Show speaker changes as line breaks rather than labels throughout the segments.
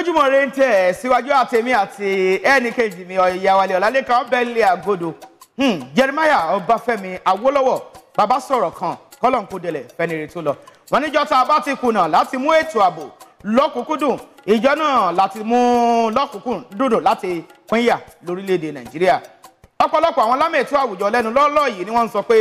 ojúmọ́ rẹ ń tẹ̀ ẹ́ síwájú àtẹ̀mí àti ẹnì kejì mi ọ̀yàwálé ọ̀làlẹ́kan bẹ́ẹ̀lì àgọ́dọ̀ hmm, Jeremiah Ọbáfẹ́mi Awólọ́wọ̀ bàbá sọ̀rọ̀ kan kọ́lọ̀ ń tó lọ. wọ́n níjọ́ tá a bá ti kùnà láti mú ètò ààbò lọ́kùnkúndùn ìjọ náà láti mú lọ́kùnkúndùn láti pínyà lórílẹ̀‐èdè Nàìjíríà. ọ̀pọ̀lọpọ̀ àwọn lámì ètò àwùjọ lẹ́nu lọ́lọ́ yìí ni wọ́n ń sọ pé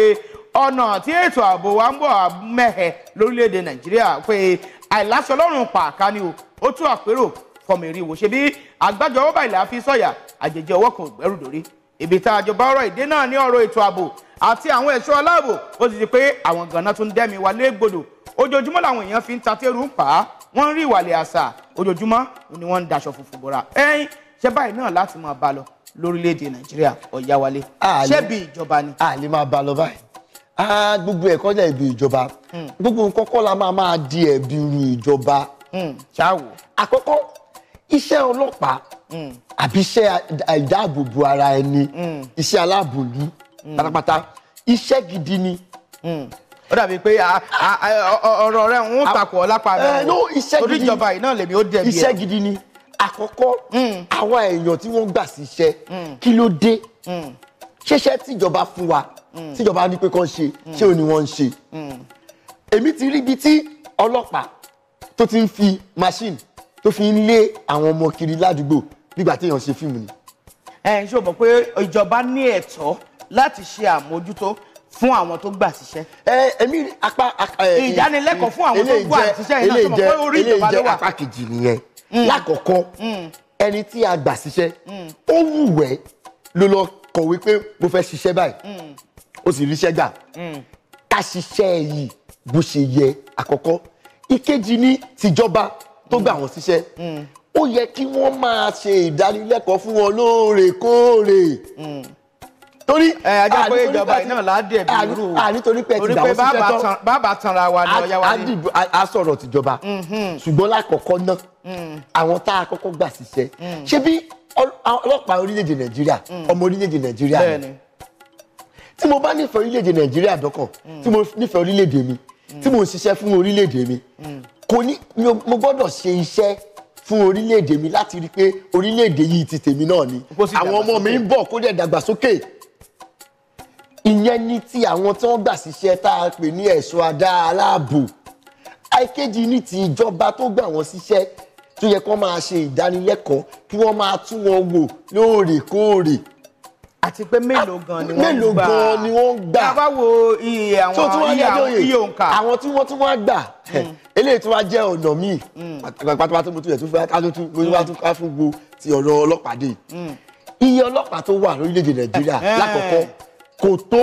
ọ̀nà tí ètò ààbò wa ń bọ̀ mẹ́hẹ̀ lórílẹ̀‐èdè Nàìjíríà pé àìláṣọ Ọlọ́run pàákà ni ó tú àpérò fọmọ eré wo ṣe bí àgbájọ ọwọ́ báyìí la fi sọ̀yà àjèjì ọwọ́ kan ògbẹ́rù dórí ibi tá a jọba ọ̀rọ̀ ìdè náà ní ọ̀rọ̀ ètò ààbò àti àwọn ẹ̀ṣọ́ aláàbò ó ti di pé àwọn ganan tún dẹ́mi wa légbodò ojoojúmọ́ làwọn èèyàn fi ń ta tẹ́rù ń pa á wọ́n ń rí ìwàlẹ̀ àṣà ojoojúmọ́ ni wọ́n ń daṣọ funfun bọ̀ra ẹ̀yìn ṣẹ́ báyìí náà láti máa bá lọ lórílẹ̀‐èdè nàìjíríà
ọ̀yáwálé ṣebí ìjọba ni. a lè máa bá lọ báyìí gbogbo ẹ̀ kọjá ẹ̀bi ìjọba hmm. gbogbo nǹkan kọ́ la máa máa di ẹ̀bi ru ìjọba. Hmm. ṣáà wò. àkọ́kọ́ iṣẹ́ ọlọ́pàá mm. àbí iṣẹ́ ìdáàbòbò ara ẹni mm. iṣẹ́ aláàbòlú mm. pátápátá iṣẹ́ gidi ni. ó dàbí pé ọ̀rọ̀ rẹ̀ ń takò ọ̀lápá rẹ̀ o torí ìjọba yìí náà lèmi ó dẹ̀ bí ẹ. iṣẹ́ gidi ni àkọ́kọ́ àwa èèyàn tí wọ́n gbà sí iṣẹ́ kí ló dé ṣẹṣẹ tíjọba fún wa tíjọba ní pé kán ṣe ṣé o ni wọ́n ń ṣe èmi ti rí ibi tí ọlọ́pàá tó ti ń fi machine tó fi ń lé àwọn ọmọ kiri ládùúgbò nígbà tí èèyàn ṣe fíìmù ni. ẹ ṣé o mọ̀ pé ìjọba ní ẹ̀tọ́ láti ṣe àmójútó fún àwọn tó gbà síṣẹ́. ẹ ẹmí apá. ìdánilẹ́kọ̀ọ́ fún àwọn tó gbà síṣẹ́ iná tó mọ̀ pé orí ìjọba ló wà. eléyìí jẹ́ apá kejì nìyẹn hmm. lákọ̀ọ́kọ́ hmm. ẹni tí a gbà síṣẹ́ hmm. ó wù ẹ́ ló lọ kọ̀wé pé mo fẹ́ ṣiṣẹ́ báyìí ó sì ríṣẹ́ gbà ká ṣiṣẹ́ yìí bó ṣe yẹ àkọ́kọ́ ìkejì ní tìjọba tó gbà wọ́n síṣẹ́ ó yẹ kí wọ́n máa ṣe ìdánilẹ́kọ̀ọ́ fún wọn lóòrèkóòrè torí ajá pé ìjọba náà ládìẹ bí irú o nítorí pé ti dàwọ́ síṣẹ́ tán bàbá tanra wa ni ọ̀yá wa ni. a sọ̀rọ̀ tìjọba mhm. ṣùgbọ́n lákọ̀ọ́kọ́ náà mhm. àwọn tá a kọ́kọ́ gbà síṣẹ́ mhm. ṣé bí ọlọ́pàá orílẹ̀-èdè nàìjíríà ọmọ orílẹ̀-èdè nàìjíríà ni tí mo bá nífẹ̀ẹ́ orílẹ̀-èdè nàìjíríà dọ́kàn tí mo nífẹ̀ẹ́ orílẹ̀-èdè mi tí mo ń ṣiṣẹ́ fún orílẹ̀-èdè mi kò ní mo gbọ́dọ̀ ṣe iṣẹ́ fún orílẹ̀-èdè mi láti rí i pé orílẹ̀-èdè yìí ti tèmi náà ni àwọn ọmọ mi ń bọ̀ kó dẹ̀ dàgbàsókè ìyẹn ní ti àwọn tí wọ́n gbà síṣẹ́ tá a pè ní ẹ̀ṣọ́ adáàláàbò àìkejì ní ti ìjọba tó gbà wọ́n síṣẹ́ tó yẹ kó máa ṣe ìdánilẹ́kọ̀ọ́ kí wọ́n máa tún wọn wò lóòrèkóòrè àti pé mélòó
gan ni wọ́n gbà mélòó gan ni
wọ́n gbà tá a wọ́n tún eléyìí tí wàá jẹ́ ọ̀nà míì mm. pátápátá tó mo tún yẹ tó fẹ́ kátótú lórí wàá tún ká fún gbo ti ọ̀rọ̀ ọlọ́pàá dé mm. iye ọlọ́pàá tó wà lórílẹ̀‐èdè nàìjíríà eh. lákọ̀ọ́kọ́ kò tó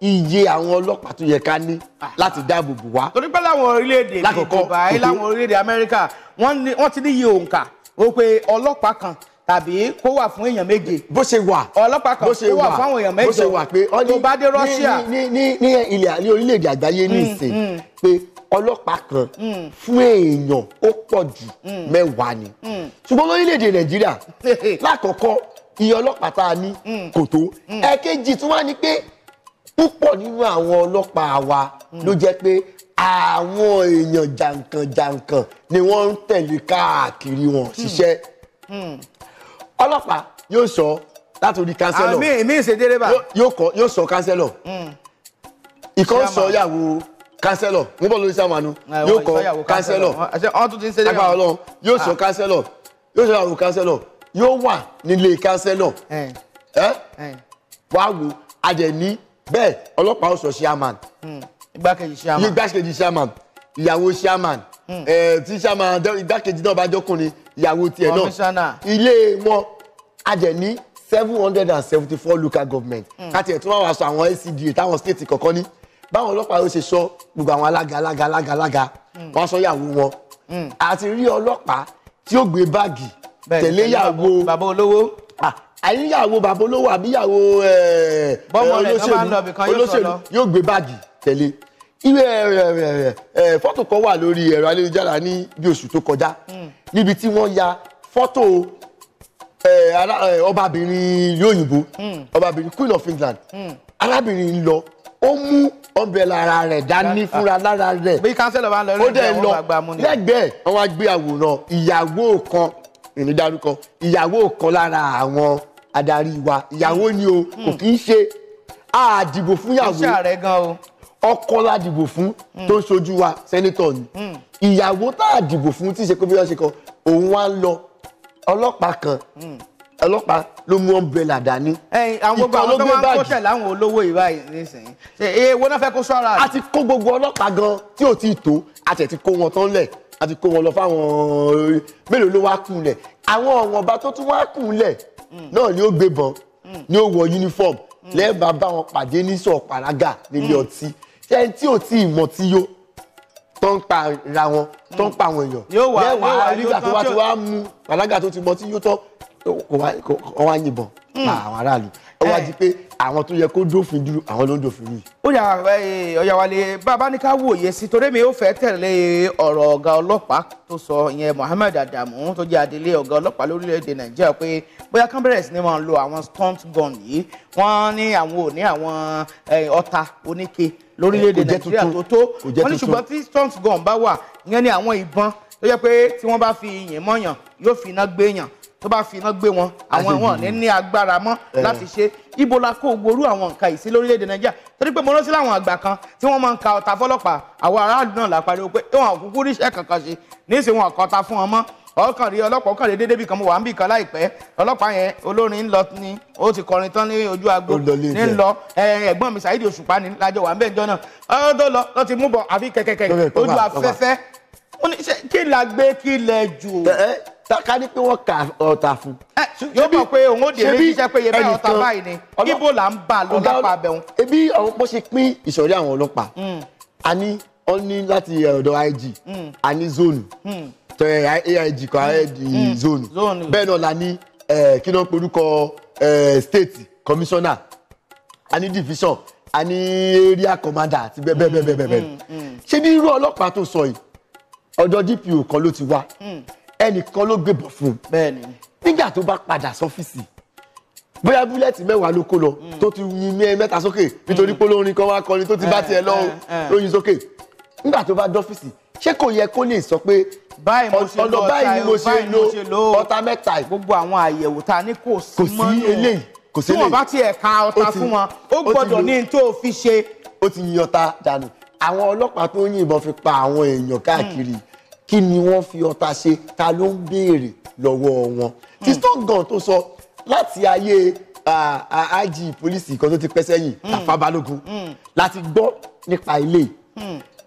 iye àwọn ọlọ́pàá tó yẹ ká ní láti dáàbò
bò wá. torí pé láwọn orílẹ̀-èdè ní dubai láwọn orílẹ̀-èdè amẹ́ríkà wọ́n ti ní iye òǹkà ó pé ọlọ́pàá kan tàbí kó wà fún èèyàn méje. bó ṣe wà ọlọ́pàá kan kó wà fún àwọn èèyàn méje bó ṣe wà pé
ọ ní tó bá dé Russia. ní ní ní ilẹ̀ ní orílẹ̀-èdè àgbáyé ní mm, ìsìn pé ọlọ́pàá kan hmm. fún èèyàn ó pọ̀ jù hmm. mẹ́wàá ni hmm. ṣùgbọ́n lórílẹ̀‐èdè nàìjíríà lákọ̀ọ́kọ́ iye ọlọ́pàá tá a ní kò tó ẹ̀ẹ̀kejì tí wọ́n á ní pé púpọ̀ nínú àwọn ọlọ́pàá wa ló jẹ́ pé àwọn èèyàn jàǹkànjàǹkàn ni wọ́n ń tẹ̀lé káàkiri wọn ṣiṣẹ́ ọlọ́pàá yóò sọ látòrí kánsẹ́lọ̀ àmì ìmí ìṣèdérébà yóò sọ kánsẹ́lọ̀ ìkan sọ yàwó kánsẹ́lọ̀ mo bọ̀ lórí sàmánu yóò kọ́ kánsẹ́lọ̀ agbára ọlọ́run yóò ah. sọ kánsẹ́lọ̀ yóò sọ àrùn kánsẹ́lọ̀ yóò wà nílé kánsẹ́lọ̀ ẹ wá wo àjẹní bẹ́ẹ̀ ọlọ́pàá ọ̀sọ̀ chairman hmm. igbákejì chairman igbákejì chairman ìyàwó chairman hmm. tí chairman igbákejì náà bá jọkùnrin ìyàwó tiẹ̀ náà ilé wọn àjẹní seven hundred and seventy four local government hmm. káti ẹ̀ tún wá wàásù àwọn LCDA táwọn state kọ̀ọ̀kan ní báwọn ọlọ́pàá yóò ṣe sọ gbogbo àwọn alága alága alága alága hmm. wọn sọ ìyàwó wọn àti hmm. rí ọlọ́pàá tí ó gbé báàgì tẹ̀lé ìyàwó bàbá olówó àyíyàwó ah, bàbá olówó àbíyàwó eh, olóṣèlú yóò gbé báàgì tẹ̀lé ìwé eh, eh, fọ́tò kan wà lórí ẹ̀rọ ayélujára ní bí oṣù tó kọjá hmm. níbi tí wọ́n ya fọ́tò ọbabìnrin ìlú òyìnbó ọbabìnrin Queen of England arábìnrin ń lọ ó mú ọbẹ̀ lára rẹ̀ dání fúnra lára rẹ̀ bí kánsẹ́lọ̀ bá ń lọ rí ìgbà wọn àgbà mú ni lẹ́gbẹ̀ẹ́ wọn wá gbé àwòrán ìyàwó kan ìnídárúkọ ìyàwó kan lára àwọn adarí wa ìyàwó ni o hmm. kò kì í ṣe àdìbò fún ìyàwó iṣẹ́ rẹ̀ gan o ọkọ la dìbò fún hmm. tó ń ṣojú wa sẹ́nitọ̀ ni hmm. ìyàwó tá a dìbò fún tí ìṣe kó bí wọ́n ṣe kọ òun wá lọ ọlọ́pàá kan ọlọ́pàá ló mú ọ̀nbẹ̀là dání. àwọn gbogbo àwọn tó máa ń kó
láwọn olówó yìí báyìí
nísìnyí náà fẹ́ kó sọ́ra. a ti kó gbogbo ọlọ́pàá gan tí ò tí ì tó a ti kó wọn tán lẹ̀ a ti kó wọn lọ fáwọn mélòó ló wá kù lẹ̀ àwọn ọ̀wọ̀nba tó tún wá kù lẹ̀ náà ni ó gbébọn ni ó wọ uniform lẹ́ẹ̀bà bá wọn pàdé ní sọ̀ pàrágà nílé hmm. ọtí ṣẹ́ni tí ò tí ì mọ̀ tí yó tó ń pa ra wọn tó ń pa àwọn èèyàn lẹ́wàá nígbà tó wá ti wá mú pàrágà tó ti mọ tí yó tán kò wá yìnbọn hmm. pa àwọn aráàlú ó wá di pé àwọn tó yẹ kó dófin dúró àwọn ló ń dófin rú. ó yà ọ̀yàwálé bàbá ní ká wòye
sí torí mi ó fẹ́ tẹ̀lé ọ̀rọ̀ ọ̀gá ọlọ́pàá tó sọ ìyẹn Mohammed Adamu tó jẹ́ adelé ọ̀gá ọlọ́pàá lórílẹ̀‐èdè Nàìjíríà pé bóyá kán bẹ̀rẹ̀ sí ni wọ́n lo àwọn stunt gun yìí wọ́n ní àwọn ò ní àwọn ọta oníke lórílẹ̀‐èdè Nàìjíríà tó tó wọ́n ní ṣùgbọ́n tí stunt gun bá wà ìyẹn ní àwọn ìbọn tó yẹ pé tí wọ́n bá fi yìn mọ́yàn yóò fi iná gbéyàn tó bá fi iná gbé wọn àwọn wọn ní ní agbára mọ́ eh. láti ṣe ibo la kó gboru àwọn nǹkan yìí sí lórílẹ̀‐èdè nàìjíríà torí pé mo rántí láwọn àgbà kan tí wọ́n máa ń ka ọ̀tá fọ́lọ́pàá àwọn aráàlú náà la pariwo pé wọn àkúkú ríṣẹ́ kankan ṣe níṣẹ́ wọn ọ̀kọ́ta fún wọn mọ́ ọkàn rí ọlọ́pàá ọkàn rí dédé bí kan mo wà ń bì kan láìpẹ́ ọlọ́pàá yẹn olórin ńlọ ni ó ti kọrin tán ní ojú agbo ní ńlọ ẹ̀gbọ́n mi Saheed Òṣùpá ni lájọ wà ń bẹ̀ jọ náà ọ̀rọ̀ tó lọ lọ́ ti mú bọ̀ àfi kẹ̀kẹ́kẹ́ ojú afẹ́fẹ́ kí la gbé kí lẹ jù. Eh, eh ká
ní pé wọ́n ka ọ̀tà fún. yóò mọ̀ pé òun ò dé rí iṣẹ́ pé yẹbẹ́ ọ̀tà báyìí ni ibo là ń bà lọ lápá abẹ́hùn. ebi àwọn bó ṣe pín ìsọ̀rí àwọn ọlọ́pàá hmm. a ní ọ ní láti eh, ọ̀dọ̀ IG hmm. a ní zone tẹ AIG kan AIG zone bẹ́ẹ̀ náà la ní eh, kí náà porúkọ eh, state commissioner a ní division a ní area commander àti bẹ́ẹ̀ bẹ́ẹ̀ bẹ́ẹ̀ bẹ́ẹ̀ hmm. ṣé bí irú ọlọ́pàá tó sọ yìí ọ̀dọ̀ DPO kan ló ti wá. Mm ẹnìkan ló gbébọn fún un. bẹ́ẹ̀ni. nígbà tó bá padà sọ́fíìsì bóyá búlẹ́ẹ̀tì mẹ́wàá ló kó lọ mm. tó ti yin mẹ́ mẹ́ta sókè nítorí mm. pé olórin kan wá kọrin tó ti bá eh, tiẹ̀ lọ eh, eh. lóyin sókè nígbà tó bá dọ́fíìsì ṣé kò yẹ kó lè sọ pé ọ̀nà báyìí ni mo ṣe
lo ọta mẹ́ta yìí. gbogbo àwọn àyẹ̀wò ta ni kò sí mọ́nú kò sí eléyìí kò sí eléyìí tí wọ́n bá tiẹ̀ ka ọta fún wọn ó gbọ́dọ̀ ní
tó fi ṣe. ó ti yin ọta dànù àwọn ọlọ́pàá tó yìnbọn fi pa àwọn èèyàn káàkiri kí ni wọ́n fi ọ̀tá ṣe ta ló ń béèrè lọ́wọ́ wọn. ti hmm. stockgun tó sọ láti ayé ají pólísì kan tó ti pẹ́ sẹ́yìn hmm. Tafa Balógun hmm. láti gbọ́ nípa ilé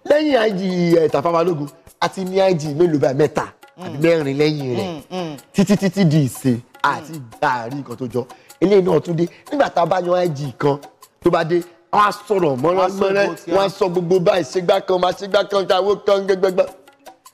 lẹ́yìn ají Tafa Balógun àti ní ají mélòó bá mẹ́ta àbí mẹ́rin lẹ́yìn rẹ̀ títí títí di ìsìn àti àárín nǹkan tó jọ eléyìí náà tún dé nígbà tá a bá yan ají kan tó bá dé wọn á sọ̀rọ̀ mọ́rán mọ́rán wọn á sọ gbogbo báyìí ṣégbá kan máa ṣégbá kan táwọn kan gbẹgbẹgbẹ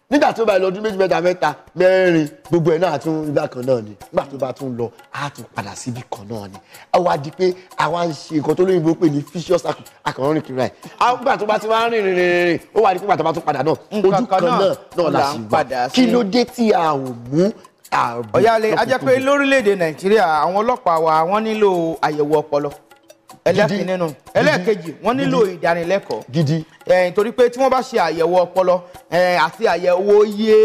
nígbà tó bá lọ ọdún méjì mẹ́ta mẹ́ta mẹ́rin gbogbo ẹ̀ náà tún ibà kan náà ni nígbà tó bá tún lọ á tún padà síbi kan náà ni àwa di pé àwa ń ṣe nǹkan tó lóyìnbó pè ní vicious akọ̀rọ̀ rìn kiri rẹ̀ nígbà tó bá ti wá rìn rìn rìn ó wà ní pípa tó bá tún padà náà ojú kan náà náà là ń padà kí ló dé tí a ò mú àbí. ọ̀yálẹ̀ pé
lórílẹ̀‐èdè nàìjíríà àwọn ọlọ́pàá wa wọ́n nílò àyẹ̀wò ọpọlọ ẹlẹ́kìn nínú ẹlẹ́kejì wọ́n nílò ìdánilẹ́kọ̀ọ́ gidi eh, torí pé tí wọ́n bá ṣe àyẹ̀wò ọpọlọ eh, àti àyẹ̀wò iye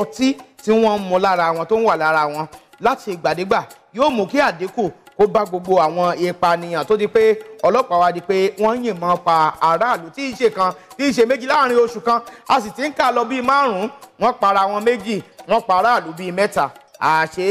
ọtí tí wọ́n ń mu lára wọn tó ń wà lára wọn láti ìgbàdégbà yóò mú kí àdínkù kó bá gbogbo àwọn ìpànìyàn tó di pé ọlọ́pàá wa di pé wọ́n ń yìnbọn pa aráàlú tí í ṣe kan tí í ṣe méjì láàrin oṣù kan a sì ti ń kà lọ bíi márùn-ún wọ́n para wọn méjì wọ́n pa aráàlú bíi mẹ́ta àṣé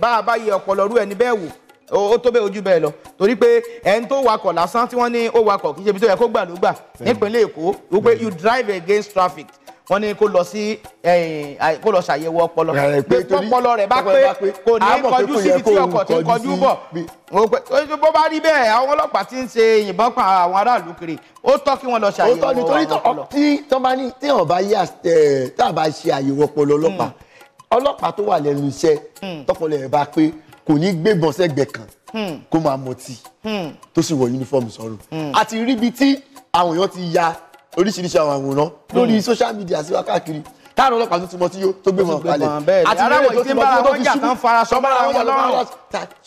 bá a bá yẹ ọpọlọ rú ẹni bẹ́ẹ̀ wò ó tó bẹ́ẹ̀ ojú bẹ́ẹ̀ lọ torí pé ẹni tó wakọ̀ lásán tí wọ́n ní ó wakọ̀ kì í ṣe ibi tó yẹ kó gbà ló gbà hmm. nípínlẹ̀ èkó wípé you drive against traffic wọ́n ní kó lọ sí eh, kó lọ ṣàyẹ̀wò ọpọlọ eh, pé ọpọlọ rẹ̀ bá pé kò ní kọjú síbi tí ọkọ̀ ti kọjú bọ̀ bó bá rí bẹ́ẹ̀
àwọn ọlọ́pàá ti ń ṣe yìnbọn pa àwọn aráàlú kiri ó tọ́ kí wọ́n lọ ṣàyẹ̀wò ọpọlọ. tí wọ́n bá ní tí wọ́n bá yí eh, tá a bá ṣe àyẹ̀wò ọpọlọ ọlọ́pàá hmm. ọlọ́pàá tó wà lẹ́nu iṣẹ́ hmm. tọpọlọ bá pé kò ní gbébọn sẹ́gbẹ̀ kan hmm. kó máa mọtí hmm. tó sì wọ yunifọ́ọ̀mù sọ́rùn àti hmm. rí ibi tí àwọn èèyàn ti ya oríṣiríṣi àwọn àwòrán lórí social media sí wa káàkiri táwọn ọlọ́pàá tó ti mọ tí yó tó gbé wọn kalẹ̀ àti ìrẹ́lẹ̀ tó ti mọ tí yó tó fi ṣubú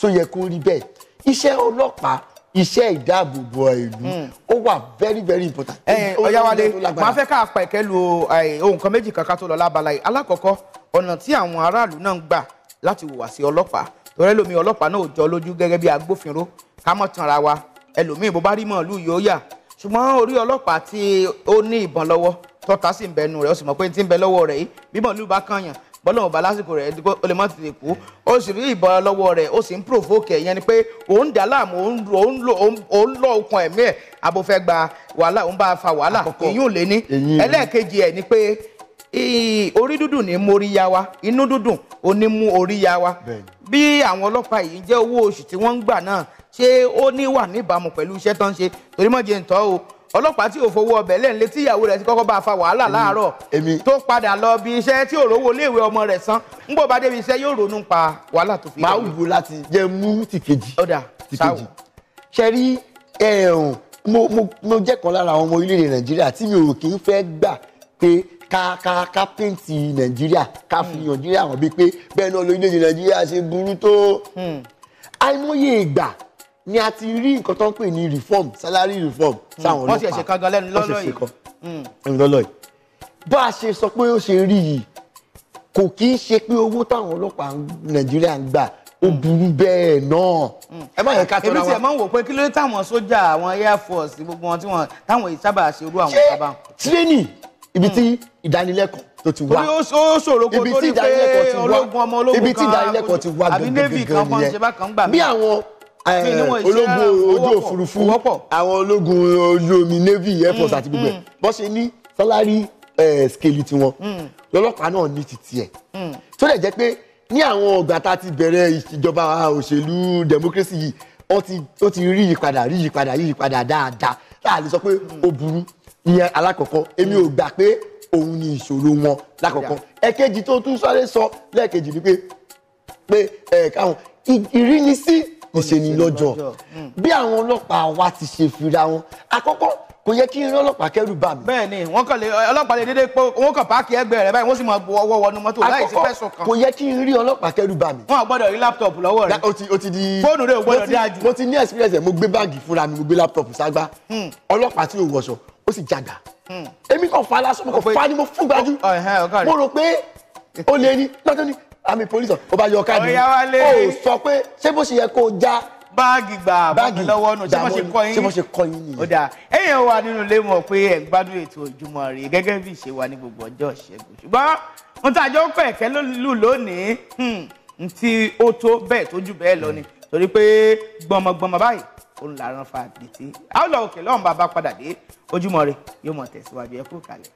tó yẹ kó rí bẹ́ẹ̀ iṣẹ́ ọlọ́pàá iṣẹ́ ìdáàbòbò ìlú ó wà very very important. ẹyin eh, ọ̀yáwálé màá fẹ́
ká pẹ̀kẹ́ lu eh, ohun kan méjì kankan tó lọ lábala yìí alákọ̀ọ́kọ́ ọ̀nà tí àwọn aráàlú náà ń gbà láti hùwà sí ọlọ́pàá torí ẹlòmíì ọlọ́pàá náà ò jọ lójú gẹ́gẹ́ bí agbófinró ká mọ̀ tanra wa ẹlòmíì bó bá rí màálù yóò yà ṣùgbọ́n orí ọlọ́pàá tí ó ní ìbọn lọ́wọ́ tọ́ta sì ń bẹnu rẹ̀ ó sì mọ̀ pé ti ń bẹ lọ́wọ́ rẹ̀ yìí bí màálù bá kànyàn bọ́lọ́mù bá lásìkò rẹ̀ ó lè má tètè kú ó sì rí ìbọn lọ́wọ́ rẹ̀ ó sì ń provoke ìyẹn ni pé òun dà láàmú òun lọ okun ẹ̀mí ẹ̀ abofẹ́ gba wàhálà òun bá fa wàhálà èyí ò lé ní ẹlẹ́ẹ̀kejì ẹ̀ ni pé orí dúdùn ní mórí yá wa inú dúdùn ó ní mú orí yá wa bí àwọn ọlọ́pàá yìí jẹ́ owó oṣù tí wọ́n ń gbà náà ṣé ó ní wà níbàámu pẹ̀lú iṣẹ́ tó ń ṣe torí mọ̀ jẹ́ ntọ́ o ọlọ́pàá tí ò fowó ọbẹ̀ lẹ́ńlẹ́ tí ìyàwó rẹ̀ ti kọ́kọ́ bá a fa wàhálà láàárọ̀ tó padà lọ bí iṣẹ́ tí ò rówó léèwé ọmọ rẹ̀ san ń bọ̀ bá débi iṣẹ́
yóò ronú pa wàhálà tó fi. máa wù láti jẹ mú tìkejì tìkejì ṣe rí ẹ̀ẹ̀hùn mo jẹ́ kan lára àwọn ọmọ orílẹ̀-èdè nàìjíríà tí mi ò kì í fẹ́ gbà pé ká ká ká pèntì nàìjíríà ká fi hmm. nàìjíríà hàn bíi pé bẹ́ẹ̀ náà lórílẹ̀‐èdè nàìjíríà ṣe burú tó. Hmm. àìmọye ìgbà ni a ti rí nǹkan tó ń pè ní reform salary reform hmm. sáwọn ọlọ́pàá wọ́n ti ẹ̀ṣẹ̀ kan gan lẹ́nu lọ́lọ́ yìí ẹ̀mí lọ́lọ́ yìí bá a ṣe sọ pé ó ṣe rí yìí kò kí ń ṣe pé owó táwọn ọlọ́pàá nàìjíríà ń gbà ó burú bẹ́ẹ̀ náà. ẹ má yẹ ká tọ́ra wa. èmi tiẹ̀ máa ń wò pé
kí ló dé táwọn sójà àwọn air force gbogbo wọn tí wọn táwọn ìsábà ṣe irú àwọn ìsábà.
ṣé tírénì ibi tí hmm. ìdánilẹ́kọ̀ọ́ tó ti wá
ibi tí ìdánilẹ́kọ̀ọ́ ti wá ibi tí ìdánilẹ́kọ̀ọ́ ti wá gangan nìyẹn bí àwọn
eh, ológun ojú òfurufú àwọn ológun ojú omi navy air force àti gbogbo ẹ̀ hmm, hmm. bó ṣe ní sálárì eh, skeli tiwọn lọ́lọ́pàá náà ní titi ẹ̀ tó dẹ̀ jẹ́ pé ní àwọn ọgbà tá a ti bẹ̀rẹ̀ ìjọba òṣèlú democracy yìí ó ti rí yípadà rí yípadà rí yípadà dáadáa tá a lè sọ pé ó burú ìyẹn alákọ̀ọ́kọ́ èmi ò hmm. gbà pé òun ni ìṣòro wọn lákọ̀ọ́kọ́ ẹ̀kejì tó tún sáré sọ lẹ́ẹ̀kejì ni pé pé ẹ̀ káwọn ìrínisí ìṣènilọ́jọ́ hmm. bí àwọn ọlọ́pàá wa ti ṣe fira wọn àkọ́kọ́ kò yẹ kí irin ọlọ́pàá kẹ́rù bà mí. bẹ́ẹ̀ni wọn kàn lè
ọlọ́pàá lè dédé pé wọn kàn páàkì ẹ̀gbẹ́ rẹ báyìí wọn sì máa bu ọwọ́ wọnú mọ́tò láì sí fẹ̀sùn kan. kò yẹ kí irin ọlọ́pàá
kẹ́rù bà mí. wọn à gbọ́dọ̀ rí láptọọpù lọ́wọ́ rẹ. o ti o ti di fóònù rẹ ò gbọ́dọ̀ dájú. mo ti ní experience ẹ mo gbé báàgì fúnra mi mo gbé láptọọpù ságbá hmm. ọlọ́pàá tí ò wọṣọ ó sì jàgà èmi kàn fa lásán mo kàn fa ni mo fún gbajú mo rò pé ó lè ní lọ́jọ́ ní àmì pólísọ̀ ó bá yọ káàdì ó sọ pé ṣé bó ṣe yẹ kó o já báàgì gbà báàgì lọ́wọ́
nù ṣé mo ṣe kọ́ yín nìyẹn. ó dáa ẹ̀yin wa nínú ilé mọ̀ pé ẹ̀ ń gbádùn ètò Ojúmọ́ Ire gẹ́gẹ́ bí ìṣe wa ní gbogbo ọjọ́ ìṣẹ́gun ṣùgbọ́n ohun tá a ń pẹ̀ kẹ́ lù lónìí hmm, n ó tó bẹ́ẹ̀ tó jù bẹ́ẹ̀ lọ ni torí pé gbọmọgbọmọ báyìí ó ń laran fa àdìtì àwọn òkè lọ́hùn bàbá padà dé ojúmọ́ ire yóò mọ̀ tẹ̀síwájú ẹ kalẹ̀.